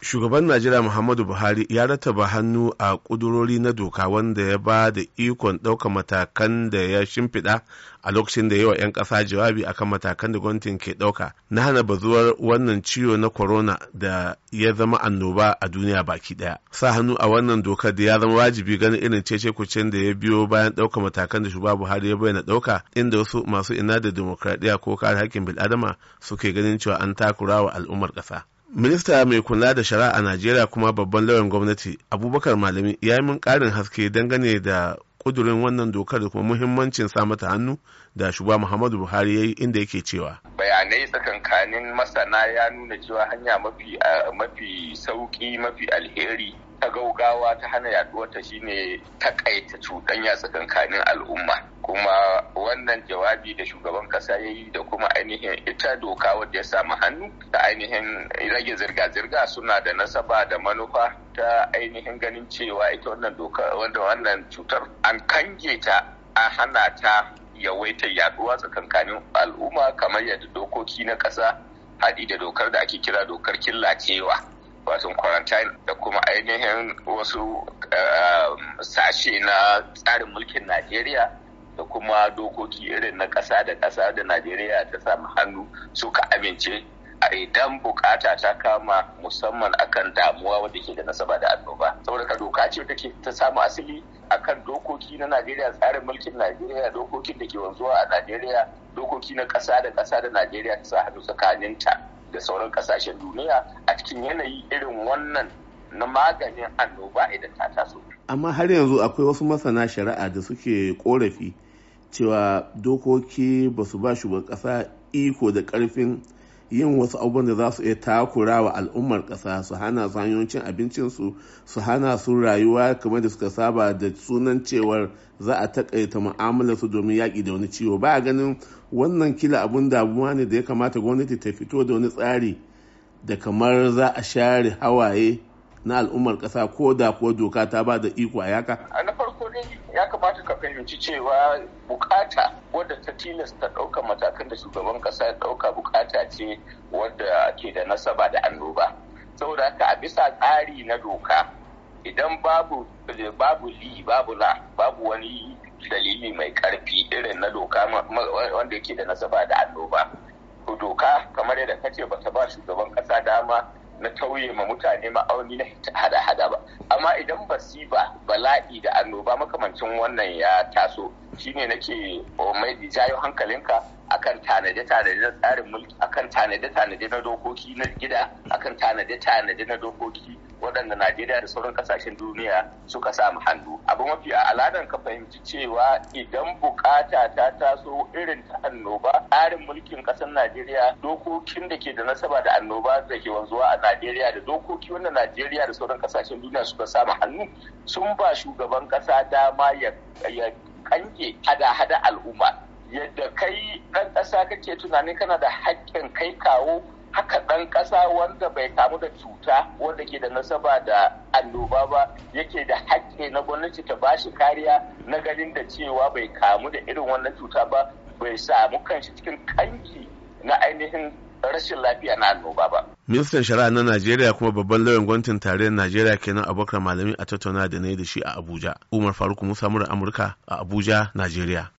shugaban najeriya muhammadu buhari ya rataba hannu a kudurori na doka wanda ya ba da ikon ɗaukar matakan da ya shimfiɗa a lokacin da yawa 'yan ƙasa jawabi akan matakan da gwamnatin ke ɗauka na hana bazuwar wannan ciwo na corona da ya zama annoba a duniya baki ɗaya sa hannu a wannan dokar da ya zama wajibi ganin irin cece kucin da ya biyo bayan ɗaukar matakan da shugaba buhari ya bayyana ɗauka inda wasu masu ina da demokradiyya ko kare haƙƙin bil'adama suke ganin cewa an takura wa al'ummar ƙasa minista mai kula da shari'a a najeriya kuma babban lauyan gwamnati abubakar malami ya yi min karin haske dangane da kudurin wannan dokar da kuma muhimmancin sa mata hannu da shugaba muhammadu buhari ya yi inda yake cewa bayanai tsakankanin masana ya nuna cewa hanya mafi mafi sauki mafi alheri ta gaugawa ta hana yaduwarta shine takaita cuɗanya tsakankanin al'umma kuma wannan jawabi da shugaban kasa ya yi da kuma ainihin ita doka wadda ya samu hannu da ainihin rage zirga-zirga suna da nasaba da manufa ta ainihin ganin cewa ita wannan doka wanda wannan cutar an kange ta a hana ta yawaita yaduwa tsakankanin al'umma kamar yadda dokoki na ƙasa haɗi da dokar da ake kira dokar killacewa wato quarantine da kuma ainihin wasu eh, sashe na tsarin mulkin najeriya da kuma dokoki irin na ƙasa da ƙasa da najeriya ta samu hannu suka amince a idan bukata ta kama musamman akan damuwa wadda ke da nasaba da annoba saboda doka ce take ta samu asali akan dokoki na najeriya tsarin mulkin najeriya dokokin da ke wanzuwa a najeriya dokoki na ƙasa da ƙasa da najeriya ta sa hannu tsakaninta da sauran kasashen duniya a cikin yanayi irin wannan na maganin annoba idan ta taso. Amma har yanzu akwai wasu masana shari'a da suke korafi cewa dokoki ba su ba shugaban ƙasa iko da ƙarfin yin wasu abubuwan da za su iya takura wa al'ummar kasa su hana su cin abincinsu su hana su rayuwa kamar da suka saba da sunan cewar za a takaita mu'amalar su domin yaƙi da wani ciwo ba ganin wannan kila abun damuwa ne da ya kamata gwamnati ta fito da wani tsari da kamar za a share hawaye na al'ummar ƙasa ko da kuwa doka ta ba da iko a yaka. gani ya kamata ka fahimci cewa bukata wadda ta tilasta ɗauka matakan da shugaban ƙasa ya ɗauka bukata ce wadda ke da nasaba da annoba saboda haka a bisa tsari na doka idan babu babu li babu la babu wani dalili mai karfi irin na doka wanda yake da nasaba da annoba doka kamar yadda kace ba ta ba shugaban ƙasa dama na tauye ma mutane ma'auni na hada-hada ba masiba bala'i da annoba makamancin wannan ya taso shine nake oh, mai jayo hankalinka akan tanade tanade na tsarin mulki akan tanade tanade na dokoki na gida akan tanade tanade na dokoki waɗanda Najeriya da sauran kasashen duniya suka samu hannu. Abu mafi aladan ka fahimci cewa idan bukata ta taso irin ta annoba tsarin mulkin ƙasar Najeriya dokokin da ke da nasaba da annoba da ke wanzuwa a Najeriya da dokoki wanda Najeriya da sauran kasashen duniya suka samu hannu sun ba shugaban ƙasa dama ya kanke hada-hada al'umma yadda kai ɗan ƙasa kake tunanin kana da haƙƙin kai kawo haka ɗan ƙasa wanda bai kamu da cuta wanda ke da nasaba da annoba ba yake da haƙƙi na gwamnati ta ba shi kariya na ganin da cewa bai kamu da irin wannan cuta ba bai samu kanshi cikin kanki na ainihin rashin lafiya na annoba ba. Ministan Shari'a na Najeriya kuma babban lauyan gwamnatin tarayyar Najeriya kenan Abubakar Malami a tattauna da na yi da shi a Abuja. Umar Faruk Musa Mura Amurka a Abuja, Najeriya.